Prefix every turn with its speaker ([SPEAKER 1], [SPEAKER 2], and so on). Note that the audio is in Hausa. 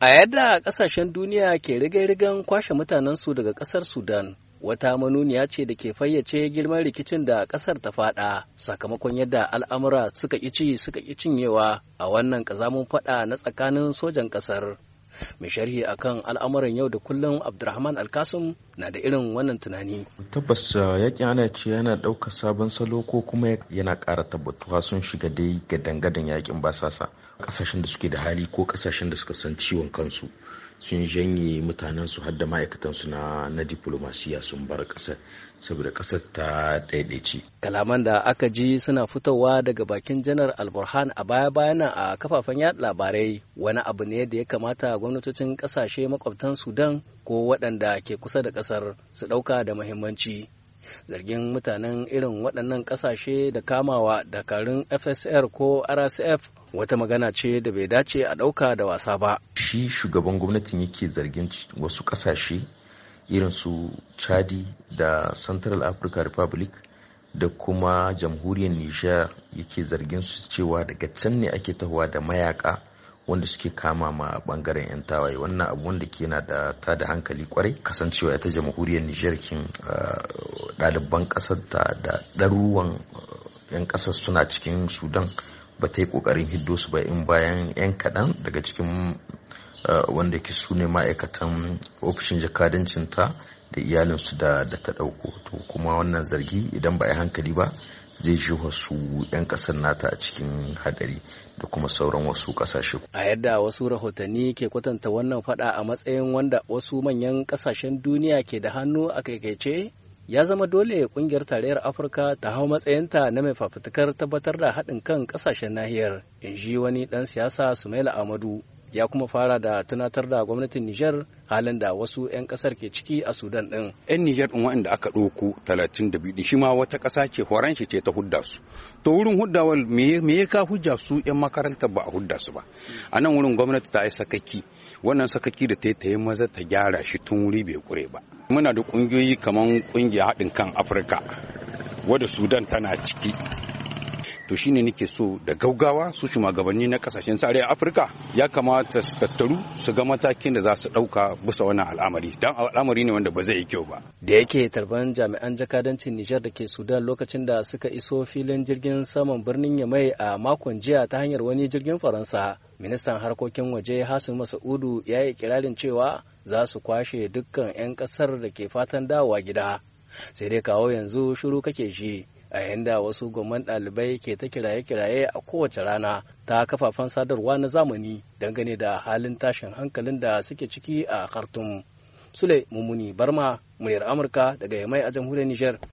[SPEAKER 1] A yadda ƙasashen duniya ke rigai-rigan kwashe mutanensu daga ƙasar Sudan, wata manuniya ce da ke fayyace girman rikicin da ƙasar ta faɗa sakamakon yadda al'amura suka ci suka ƙi cinyewa a wannan ƙazamin faɗa na tsakanin sojan ƙasar mai sharhi akan al'amuran yau da kullum abdurrahman alkasum na da irin wannan tunani
[SPEAKER 2] tabbas uh, yakin ana ce yana ɗaukar sabon salo ko kuma yana ƙara tabbatuwa sun shiga dai ga dangadan yakin basasa ƙasashen da suke da hali ko ƙasashen da suka san ciwon kansu sun janye mutanensu hadda ma'aikatan su na na diplomasiya sun bar ƙasar saboda ƙasar ta ɗaiɗaice.
[SPEAKER 1] kalaman da aka ji suna fitowa daga bakin janar alburhan a baya bayana a kafafen yaɗa labarai wani abu ne da ya kamata gwamnatocin ƙasashe makwabtan Sudan ko waɗanda ke kusa da ƙasar su ɗauka da muhimmanci. Zargin mutanen irin waɗannan ƙasashe da kamawa dakarun FSR ko RSF wata magana ce da bai dace a ɗauka da wasa ba.
[SPEAKER 2] Shi shugaban gwamnatin yake zargin wasu ƙasashe irin su Chadi da Central Africa Republic da kuma jamhuriyar niger yake zargin su cewa daga can ne ake tahowa da mayaka wanda suke kama ma bangaren 'yan tawaye wannan abu wanda ke na da ta da hankali kwarai kasancewa ita jamhuriyar nijar kin ah, ɗaliban ƙasar ta da ɗaruwan 'yan ah, ƙasar suna cikin sudan ba ta yi ƙoƙarin hiddo su ba in bayan 'yan kaɗan daga cikin ah, wanda ke su ne ma'aikatan ofishin jakadancin ta da iyalinsu da ta ɗauko to kuma wannan zargi idan ba a yi hankali ba zai ji wasu 'yan kasar nata a cikin hadari da kuma sauran wasu kasashe.
[SPEAKER 1] A yadda wasu rahotanni ke kwatanta wannan fada a matsayin wanda wasu manyan kasashen duniya ke da hannu a kaikaice ya zama dole kungiyar tarayyar afirka ta hau matsayinta na mai fafutukar tabbatar da haɗin kan ƙasashen nahiyar in ji wani ɗan siyasa sumaila amadu ya kuma fara da tunatar da gwamnatin Nijar halin da wasu 'yan kasar ke ciki a Sudan din. 'Yan
[SPEAKER 3] Nijar din waɗanda aka ɗauko 32 da shi ma wata ƙasa ce horon shi ce ta hudda su. To wurin huddawar me ya ka hujja su 'yan makarantar ba a hudda su ba. A nan wurin gwamnati ta yi sakaki wannan sakaki da ta yi ta yi maza ta gyara shi tun wuri bai kure ba. Muna da ƙungiyoyi kamar ƙungiyar haɗin kan Afirka wadda Sudan tana ciki to shine nake so da gaugawa su shugabanni na kasashen a afirka ya kamata su tattaru su ga matakin da za su ɗauka bisa wannan al'amari Dan al'amari ne wanda ba zai yi kyau ba
[SPEAKER 1] da yake tarban jami'an jakadancin nijar da ke sudan lokacin da suka iso filin jirgin saman birnin yamai a makon jiya ta hanyar wani jirgin faransa ministan harkokin waje hasan masa'udu ya yi kirarin cewa za su kwashe dukkan 'yan kasar da ke fatan dawowa gida sai dai kawo yanzu shiru kake shi a inda wasu gwamnan ɗalibai ke ta kiraye-kiraye a kowace rana ta kafafen sadarwa na zamani dangane da halin tashin hankalin da suke ciki a Khartoum. Sule Mummuni Barma, muryar Amurka daga Yamai a jamhuriyar Nijar.